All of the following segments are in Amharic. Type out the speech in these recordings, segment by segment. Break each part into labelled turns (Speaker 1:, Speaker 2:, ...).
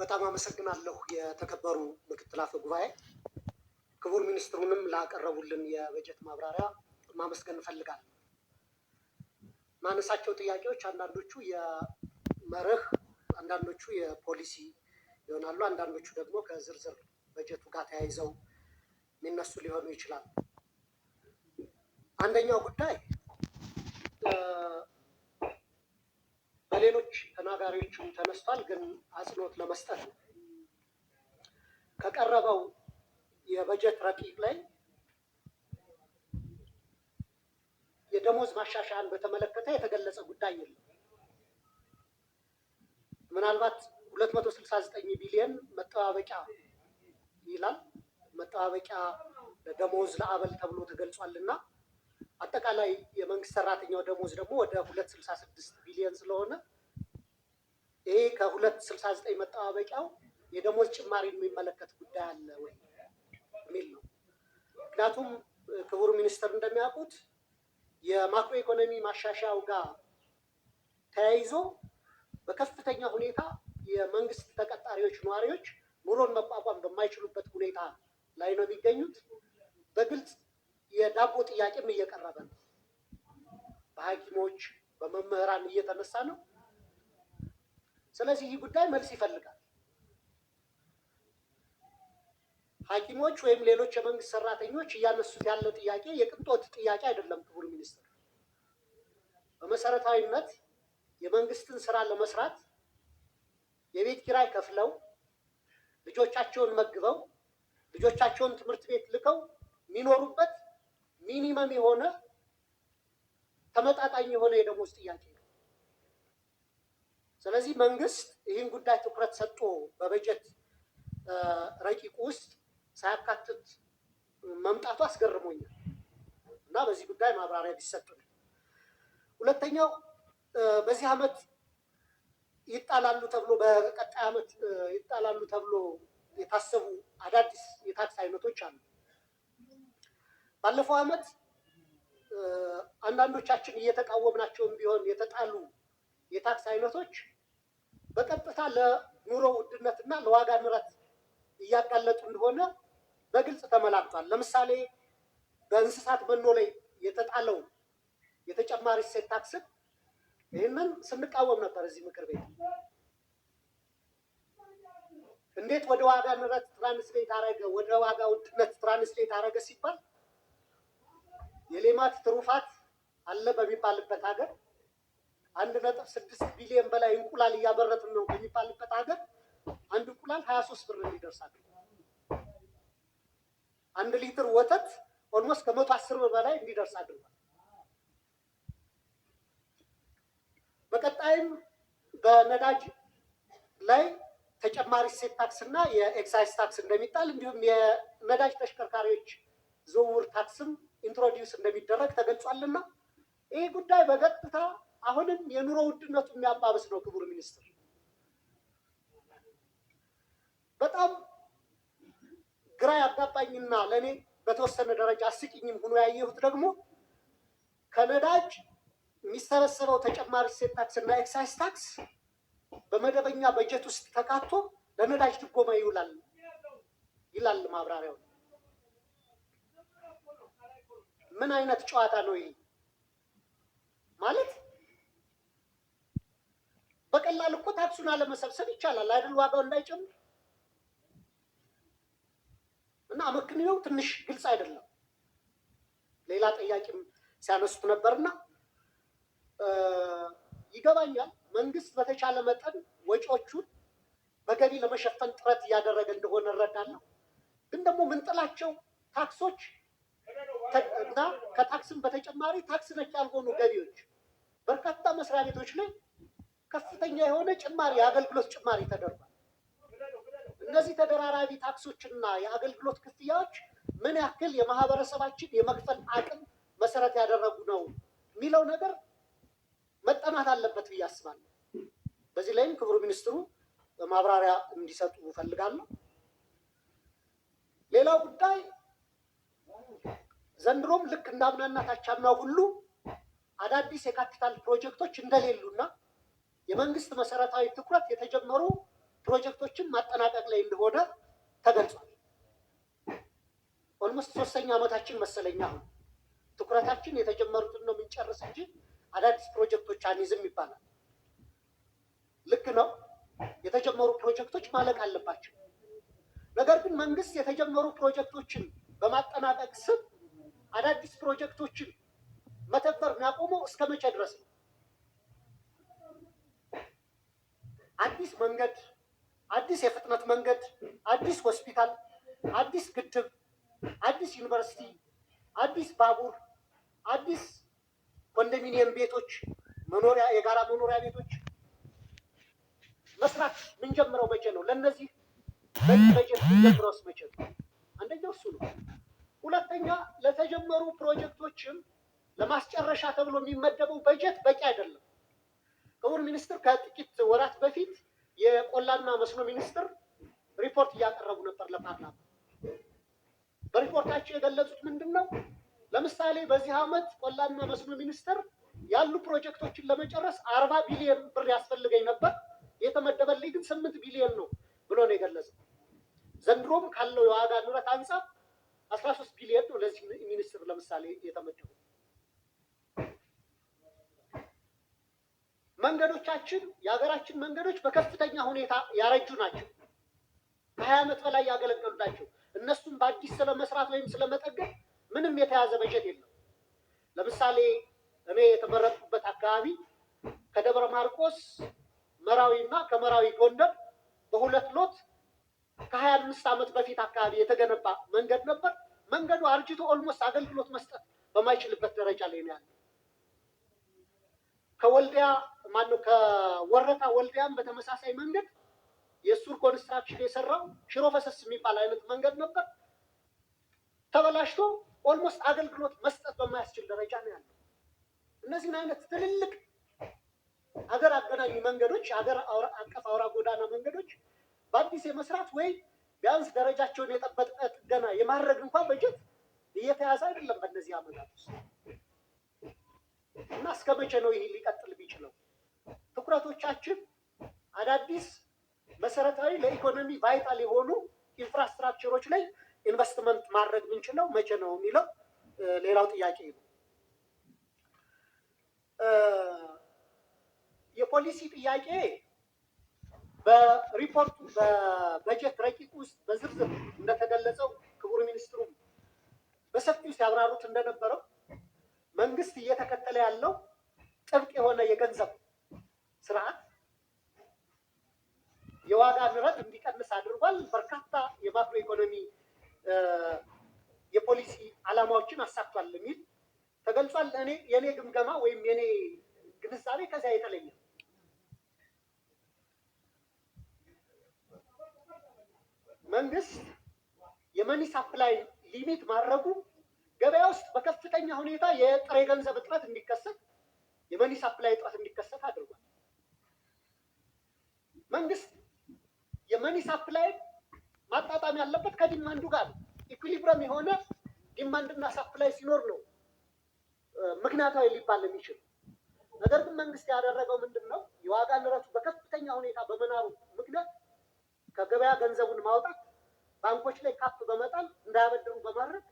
Speaker 1: በጣም አመሰግናለሁ የተከበሩ ምክትል አፈ ጉባኤ፣ ክቡር ሚኒስትሩንም ላቀረቡልን የበጀት ማብራሪያ ማመስገን እንፈልጋለን። ማነሳቸው ጥያቄዎች አንዳንዶቹ የመርህ አንዳንዶቹ የፖሊሲ ይሆናሉ፣ አንዳንዶቹ ደግሞ ከዝርዝር በጀቱ ጋር ተያይዘው የሚነሱ ሊሆኑ ይችላሉ። አንደኛው ጉዳይ ተናጋሪዎቹም ተነስቷል፣ ግን አጽንኦት ለመስጠት ነው። ከቀረበው የበጀት ረቂቅ ላይ የደሞዝ ማሻሻያን በተመለከተ የተገለጸ ጉዳይ የለም። ምናልባት 269 ቢሊዮን መጠባበቂያ ይላል መጠባበቂያ ለደሞዝ ለአበል ተብሎ ተገልጿል እና አጠቃላይ የመንግስት ሰራተኛው ደሞዝ ደግሞ ወደ 266 ቢሊዮን ስለሆነ ይሄ ከ269 ዘጠኝ መጠባበቂያው የደሞዝ ጭማሪ የሚመለከት ጉዳይ አለ ወይ የሚል ነው። ምክንያቱም ክቡር ሚኒስትር እንደሚያውቁት የማክሮ ኢኮኖሚ ማሻሻያው ጋር ተያይዞ በከፍተኛ ሁኔታ የመንግስት ተቀጣሪዎች ነዋሪዎች ኑሮን መቋቋም በማይችሉበት ሁኔታ ላይ ነው የሚገኙት። በግልጽ የዳቦ ጥያቄም እየቀረበ ነው። በሐኪሞች በመምህራን እየተነሳ ነው። ስለዚህ ይህ ጉዳይ መልስ ይፈልጋል። ሐኪሞች ወይም ሌሎች የመንግስት ሰራተኞች እያነሱት ያለ ጥያቄ የቅንጦት ጥያቄ አይደለም። ክቡር ሚኒስትር፣ በመሰረታዊነት የመንግስትን ስራ ለመስራት የቤት ኪራይ ከፍለው ልጆቻቸውን መግበው ልጆቻቸውን ትምህርት ቤት ልከው የሚኖሩበት ሚኒመም የሆነ ተመጣጣኝ የሆነ የደሞዝ ጥያቄ ነው። ስለዚህ መንግስት ይህን ጉዳይ ትኩረት ሰጥቶ በበጀት ረቂቁ ውስጥ ሳያካትት መምጣቱ አስገርሞኛል እና በዚህ ጉዳይ ማብራሪያ ቢሰጥ። ሁለተኛው በዚህ ዓመት ይጣላሉ ተብሎ በቀጣይ ዓመት ይጣላሉ ተብሎ የታሰቡ አዳዲስ የታክስ አይነቶች አሉ። ባለፈው ዓመት አንዳንዶቻችን እየተቃወምናቸውም ቢሆን የተጣሉ የታክስ አይነቶች በቀጥታ ለኑሮ ውድነትና ለዋጋ ንረት እያጋለጡ እንደሆነ በግልጽ ተመላክቷል። ለምሳሌ በእንስሳት መኖ ላይ የተጣለው የተጨማሪ እሴት ታክስን ይህንን ስንቃወም ነበር እዚህ ምክር ቤት። እንዴት ወደ ዋጋ ንረት ትራንስሌት አረገ፣ ወደ ዋጋ ውድነት ትራንስሌት አረገ ሲባል የሌማት ትሩፋት አለ በሚባልበት ሀገር አንድ ነጥብ ስድስት ቢሊዮን በላይ እንቁላል እያበረትን ነው ከሚባልበት ሀገር አንድ እንቁላል ሀያ ሶስት ብር እንዲደርስ አንድ ሊትር ወተት ኦልሞስት ከመቶ አስር ብር በላይ እንዲደርስ አድርጓል። በቀጣይም በነዳጅ ላይ ተጨማሪ ሴት ታክስ እና የኤክሳይዝ ታክስ እንደሚጣል እንዲሁም የነዳጅ ተሽከርካሪዎች ዝውውር ታክስም ኢንትሮዲውስ እንደሚደረግ ተገልጿልና ይህ ጉዳይ በቀጥታ አሁንም የኑሮ ውድነቱ የሚያባብስ ነው። ክቡር ሚኒስትር በጣም ግራ ያጋባኝና ለእኔ በተወሰነ ደረጃ አስቂኝም ሆኖ ያየሁት ደግሞ ከነዳጅ የሚሰበሰበው ተጨማሪ እሴት ታክስ እና ኤክሳይዝ ታክስ በመደበኛ በጀት ውስጥ ተካቶ ለነዳጅ ድጎማ ይውላል ይላል ማብራሪያው። ምን አይነት ጨዋታ ነው ይሄ ማለት? በቀላል እኮ ታክሱን አለመሰብሰብ ይቻላል አይደል? ዋጋው እንዳይጨምር እና አመክንዮው ትንሽ ግልጽ አይደለም። ሌላ ጥያቄም ሲያነሱት ነበርና ይገባኛል። መንግስት በተቻለ መጠን ወጪዎቹን በገቢ ለመሸፈን ጥረት እያደረገ እንደሆነ እረዳለሁ። ግን ደግሞ ምንጥላቸው ታክሶች እና ከታክስም በተጨማሪ ታክስ ነክ ያልሆኑ ገቢዎች በርካታ መስሪያ ቤቶች ላይ ከፍተኛ የሆነ ጭማሪ የአገልግሎት ጭማሪ ተደርጓል። እነዚህ ተደራራቢ ታክሶችና የአገልግሎት ክፍያዎች ምን ያክል የማህበረሰባችን የመክፈል አቅም መሰረት ያደረጉ ነው የሚለው ነገር መጠናት አለበት ብዬ አስባለሁ። በዚህ ላይም ክቡር ሚኒስትሩ ማብራሪያ እንዲሰጡ እፈልጋለሁ። ሌላው ጉዳይ ዘንድሮም ልክ እንዳምናና ታቻምናው ሁሉ አዳዲስ የካፒታል ፕሮጀክቶች እንደሌሉና የመንግስት መሰረታዊ ትኩረት የተጀመሩ ፕሮጀክቶችን ማጠናቀቅ ላይ እንደሆነ ተገልጿል። ኦልሞስት ሶስተኛ ዓመታችን መሰለኛ አሁን ትኩረታችን የተጀመሩትን ነው የምንጨርስ እንጂ አዳዲስ ፕሮጀክቶች አንይዝም ይባላል። ልክ ነው። የተጀመሩ ፕሮጀክቶች ማለቅ አለባቸው። ነገር ግን መንግስት የተጀመሩ ፕሮጀክቶችን በማጠናቀቅ ስም አዳዲስ ፕሮጀክቶችን መተግበር የሚያቆመው እስከ መቼ ድረስ ነው? አዲስ መንገድ፣ አዲስ የፍጥነት መንገድ፣ አዲስ ሆስፒታል፣ አዲስ ግድብ፣ አዲስ ዩኒቨርሲቲ፣ አዲስ ባቡር፣ አዲስ ኮንዶሚኒየም ቤቶች፣ መኖሪያ የጋራ መኖሪያ ቤቶች መስራት የምንጀምረው መቼ ነው? ለእነዚህ በዚህ በጀት የምንጀምረውስ መቼ ነው? አንደኛው እሱ ነው። ሁለተኛ ለተጀመሩ ፕሮጀክቶችም ለማስጨረሻ ተብሎ የሚመደበው በጀት በቂ አይደለም። ክቡር ሚኒስትር ከጥቂት ወራት በፊት የቆላና መስኖ ሚኒስትር ሪፖርት እያቀረቡ ነበር ለፓርላማ። በሪፖርታቸው የገለጹት ምንድን ነው? ለምሳሌ በዚህ ዓመት ቆላና መስኖ ሚኒስትር ያሉ ፕሮጀክቶችን ለመጨረስ አርባ ቢሊዮን ብር ያስፈልገኝ ነበር የተመደበልኝ ግን ስምንት ቢሊዮን ነው ብሎ ነው የገለጸው። ዘንድሮም ካለው የዋጋ ንረት አንጻር አስራ ሶስት ቢሊዮን ነው ለዚህ ሚኒስትር ለምሳሌ የተመደበው። መንገዶቻችን የሀገራችን መንገዶች በከፍተኛ ሁኔታ ያረጁ ናቸው። ከሀያ ዓመት በላይ ያገለገሉ ናቸው። እነሱም በአዲስ ስለመስራት ወይም ስለመጠገን ምንም የተያዘ በጀት የለም። ለምሳሌ እኔ የተመረጥኩበት አካባቢ ከደብረ ማርቆስ መራዊ እና ከመራዊ ጎንደር በሁለት ሎት ከሀያ አምስት ዓመት በፊት አካባቢ የተገነባ መንገድ ነበር። መንገዱ አርጅቶ ኦልሞስት አገልግሎት መስጠት በማይችልበት ደረጃ ላይ ነው ያለው። ከወልዲያ ነው ከወረታ ወልዲያም በተመሳሳይ መንገድ የሱር ኮንስትራክሽን የሰራው ሽሮ ፈሰስ የሚባል አይነት መንገድ ነበር። ተበላሽቶ ኦልሞስት አገልግሎት መስጠት በማያስችል ደረጃ ነው ያለው። እነዚህን አይነት ትልልቅ ሀገር አገናኝ መንገዶች፣ ሀገር አቀፍ አውራ ጎዳና መንገዶች በአዲስ የመስራት ወይ ቢያንስ ደረጃቸውን የጠበቀ ጥገና የማድረግ እንኳን በጀት እየተያዘ አይደለም በእነዚህ አመታት ውስጥ እና እስከ መቼ ነው ይህ ሊቀጥል የሚችለው? ትኩረቶቻችን አዳዲስ መሰረታዊ ለኢኮኖሚ ቫይታል የሆኑ ኢንፍራስትራክቸሮች ላይ ኢንቨስትመንት ማድረግ የምንችለው መቼ ነው የሚለው ሌላው ጥያቄ ነው። የፖሊሲ ጥያቄ በሪፖርቱ በበጀት ረቂቅ ውስጥ በዝርዝር እንደተገለጸው ክቡር ሚኒስትሩም በሰፊው ሲያብራሩት እንደነበረው መንግስት እየተከተለ ያለው ጥብቅ የሆነ የገንዘብ ስርዓት የዋጋ ንረት እንዲቀንስ አድርጓል። በርካታ የማክሮ ኢኮኖሚ የፖሊሲ አላማዎችን አሳክቷል የሚል ተገልጿል። እኔ የኔ ግምገማ ወይም የኔ ግንዛቤ ከዚያ የተለየ መንግስት የመኒ ሳፕላይ ሊሚት ማድረጉ ገበያ ውስጥ በከፍተኛ ሁኔታ የጥሬ ገንዘብ እጥረት እንዲከሰት የመኒ ሳፕላይ እጥረት እንዲከሰት አድርጓል። መንግስት የመኒ ሳፕላይ ማጣጣም ያለበት ከዲማንዱ ጋር ኢኩሊብረም የሆነ ዲማንድና ሳፕላይ ሲኖር ነው ምክንያታዊ ሊባል የሚችል። ነገር ግን መንግስት ያደረገው ምንድን ነው? የዋጋ ንረቱ በከፍተኛ ሁኔታ በመናሩ ምክንያት ከገበያ ገንዘቡን ማውጣት፣ ባንኮች ላይ ካፕ በመጣል እንዳያበድሩ በማድረግ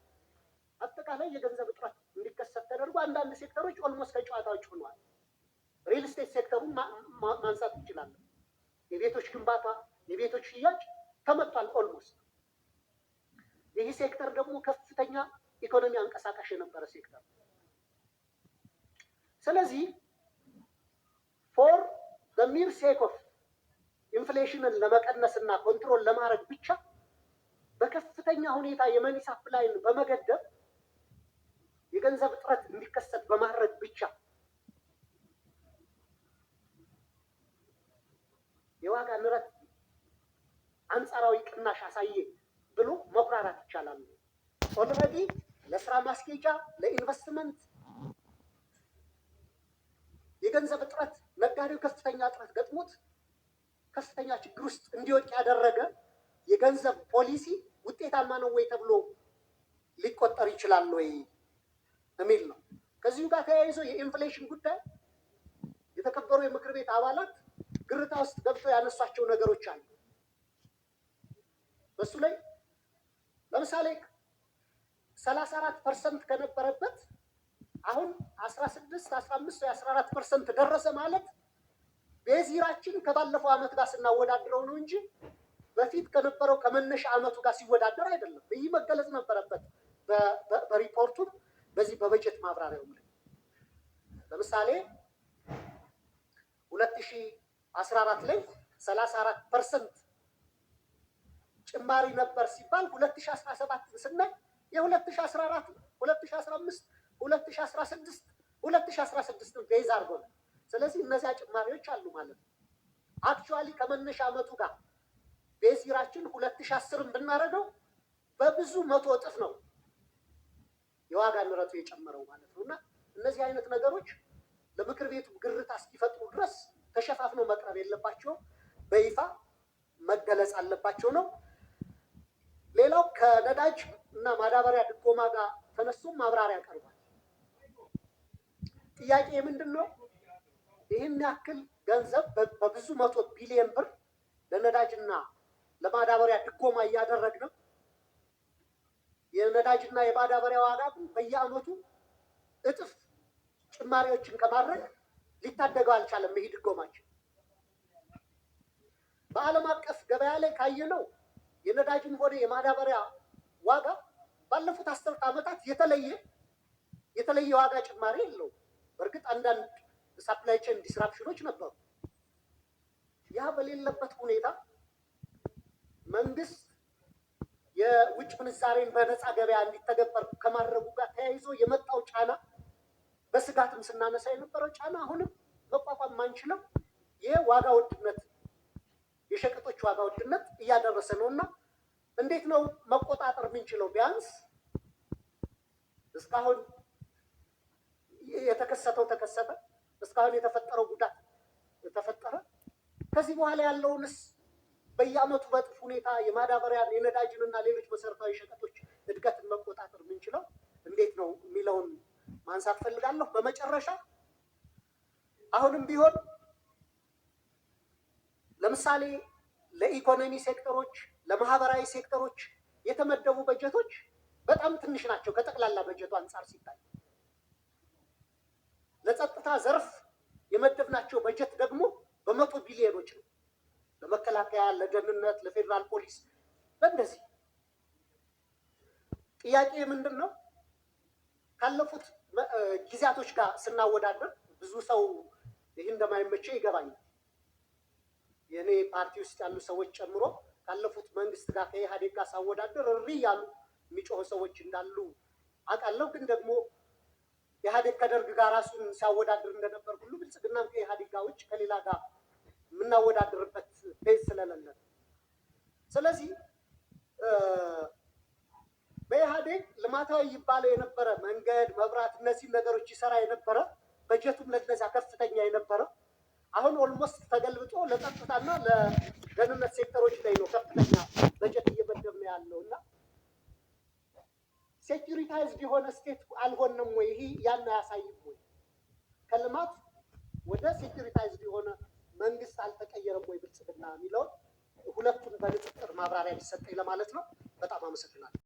Speaker 1: አጠቃላይ የገንዘብ እጥረት እንዲከሰት ተደርጎ አንዳንድ ሴክተሮች ኦልሞስት ከጨዋታ ውጭ ሆነዋል። ሪል ስቴት ሴክተሩን ማንሳት እንችላለን። የቤቶች ግንባታ፣ የቤቶች ሽያጭ ተመቷል ኦልሞስት። ይህ ሴክተር ደግሞ ከፍተኛ ኢኮኖሚ አንቀሳቃሽ የነበረ ሴክተር። ስለዚህ ፎር በሚር ሴክ ኦፍ ኢንፍሌሽንን ለመቀነስ እና ኮንትሮል ለማድረግ ብቻ በከፍተኛ ሁኔታ የመኒ ሳፕላይን በመገደብ የገንዘብ እጥረት እንዲከሰት በማድረግ ብቻ የዋጋ ንረት አንጻራዊ ቅናሽ አሳየ ብሎ መኩራራት ይቻላል። ኦልሬዲ ለስራ ማስኬጃ ለኢንቨስትመንት የገንዘብ እጥረት ነጋዴው ከፍተኛ እጥረት ገጥሞት ከፍተኛ ችግር ውስጥ እንዲወድቅ ያደረገ የገንዘብ ፖሊሲ ውጤታማ ነው ወይ ተብሎ ሊቆጠር ይችላል ወይ? የሚል ነው። ከዚሁ ጋር ተያይዞ የኢንፍሌሽን ጉዳይ የተከበሩ የምክር ቤት አባላት ግርታ ውስጥ ገብተው ያነሷቸው ነገሮች አሉ። በሱ ላይ ለምሳሌ ሰላሳ አራት ፐርሰንት ከነበረበት አሁን አስራ ስድስት አስራ አምስት ወይ አስራ አራት ፐርሰንት ደረሰ ማለት ቤዚራችን ከባለፈው ዓመት ጋር ስናወዳድረው ነው እንጂ በፊት ከነበረው ከመነሻ ዓመቱ ጋር ሲወዳደር አይደለም። ይህ መገለጽ ነበረበት በሪፖርቱም በዚህ በበጀት ማብራሪያው ላይ ለምሳሌ ሁለት ሺህ አስራ አራት ላይ ሰላሳ አራት ፐርሰንት ጭማሪ ነበር ሲባል ሁለት ሺህ አስራ ሰባት ስናይ የሁለት 2016 አስራ አራት ሁለት አስራ አምስት ሁለት አስራ ስድስት ሁለት አስራ ስድስት ቤዝ አድርጎ ስለዚህ እነዚያ ጭማሪዎች አሉ ማለት ነው። አክቹዋሊ ከመነሻ ዓመቱ ጋር ቤዚራችን ሁለት ሺህ አስርን ብናደርገው በብዙ መቶ እጥፍ ነው የዋጋ ንረቱ የጨመረው ማለት ነው። እና እነዚህ አይነት ነገሮች ለምክር ቤቱ ግርታ እስኪፈጥሩ ድረስ ተሸፋፍነው መቅረብ የለባቸውም፣ በይፋ መገለጽ አለባቸው ነው። ሌላው ከነዳጅ እና ማዳበሪያ ድጎማ ጋር ተነስቶም ማብራሪያ ቀርቧል። ጥያቄ ምንድን ነው? ይህን ያክል ገንዘብ በብዙ መቶ ቢሊየን ብር ለነዳጅና ለማዳበሪያ ድጎማ እያደረግ ነው የነዳጅና የማዳበሪያ ዋጋ ግን በየአመቱ እጥፍ ጭማሪዎችን ከማድረግ ሊታደገው አልቻለም። መሄድ ድጎማችን በዓለም አቀፍ ገበያ ላይ ካየነው የነዳጅም ሆነ የማዳበሪያ ዋጋ ባለፉት አስርት ዓመታት የተለየ የተለየ ዋጋ ጭማሪ የለው። በእርግጥ አንዳንድ ሳፕላይ ቼን ዲስራፕሽኖች ነበሩ። ያ በሌለበት ሁኔታ መንግስት የውጭ ምንዛሬን በነፃ ገበያ እንዲተገበር ከማድረጉ ጋር ተያይዞ የመጣው ጫና በስጋትም ስናነሳ የነበረው ጫና አሁንም መቋቋም ማንችለው የዋጋ ውድነት የሸቀጦች ዋጋ ውድነት እያደረሰ ነው እና እንዴት ነው መቆጣጠር የምንችለው? ቢያንስ እስካሁን የተከሰተው ተከሰተ፣ እስካሁን የተፈጠረው ጉዳት ተፈጠረ። ከዚህ በኋላ ያለውንስ በየአመቱ በጥፍ ሁኔታ የማዳበሪያን የነዳጅንና ሌሎች መሰረታዊ ሸቀጦች እድገትን መቆጣጠር የምንችለው እንዴት ነው የሚለውን ማንሳት ፈልጋለሁ። በመጨረሻ አሁንም ቢሆን ለምሳሌ ለኢኮኖሚ ሴክተሮች፣ ለማህበራዊ ሴክተሮች የተመደቡ በጀቶች በጣም ትንሽ ናቸው ከጠቅላላ በጀቱ አንጻር ሲታይ። ለጸጥታ ዘርፍ የመደብናቸው በጀት ደግሞ በመቶ ቢሊዮኖች ነው። ለመከላከያ፣ ለደህንነት፣ ለፌዴራል ፖሊስ በእንደዚህ ጥያቄ ምንድን ነው? ካለፉት ጊዜያቶች ጋር ስናወዳደር ብዙ ሰው ይህ እንደማይመቸው ይገባኛል። የእኔ ፓርቲ ውስጥ ያሉ ሰዎች ጨምሮ ካለፉት መንግስት ጋር ከኢህአዴግ ጋር ሳወዳደር እሪ ያሉ የሚጮሁ ሰዎች እንዳሉ አውቃለሁ። ግን ደግሞ ኢህአዴግ ከደርግ ጋር ራሱን ሲያወዳድር እንደነበር ሁሉ ብልጽግናም ከኢህአዴግ ጋር ውጭ ከሌላ ጋር የምናወዳድርበት ቤዝ ስለሌለ ስለዚህ በኢህአዴግ ልማታዊ ይባለው የነበረ መንገድ፣ መብራት፣ እነዚህም ነገሮች ይሰራ የነበረ በጀቱም ለእነዚያ ከፍተኛ የነበረ አሁን ኦልሞስት ተገልብጦ ለጸጥታና ለደህንነት ሴክተሮች ላይ ነው ከፍተኛ በጀት እየመደብ ነው ያለው እና ሴኪሪታይዝድ የሆነ ስቴት አልሆንም ወይ? ይሄ ያን አያሳይም ወይ? ከልማት ወደ ሴኪሪታይዝድ የሆነ መንግስት አልተቀየረም ወይ ብልጽግና የሚለውን ሁለቱን በንጽጽር ማብራሪያ ሊሰጠኝ ለማለት ነው። በጣም አመሰግናለሁ።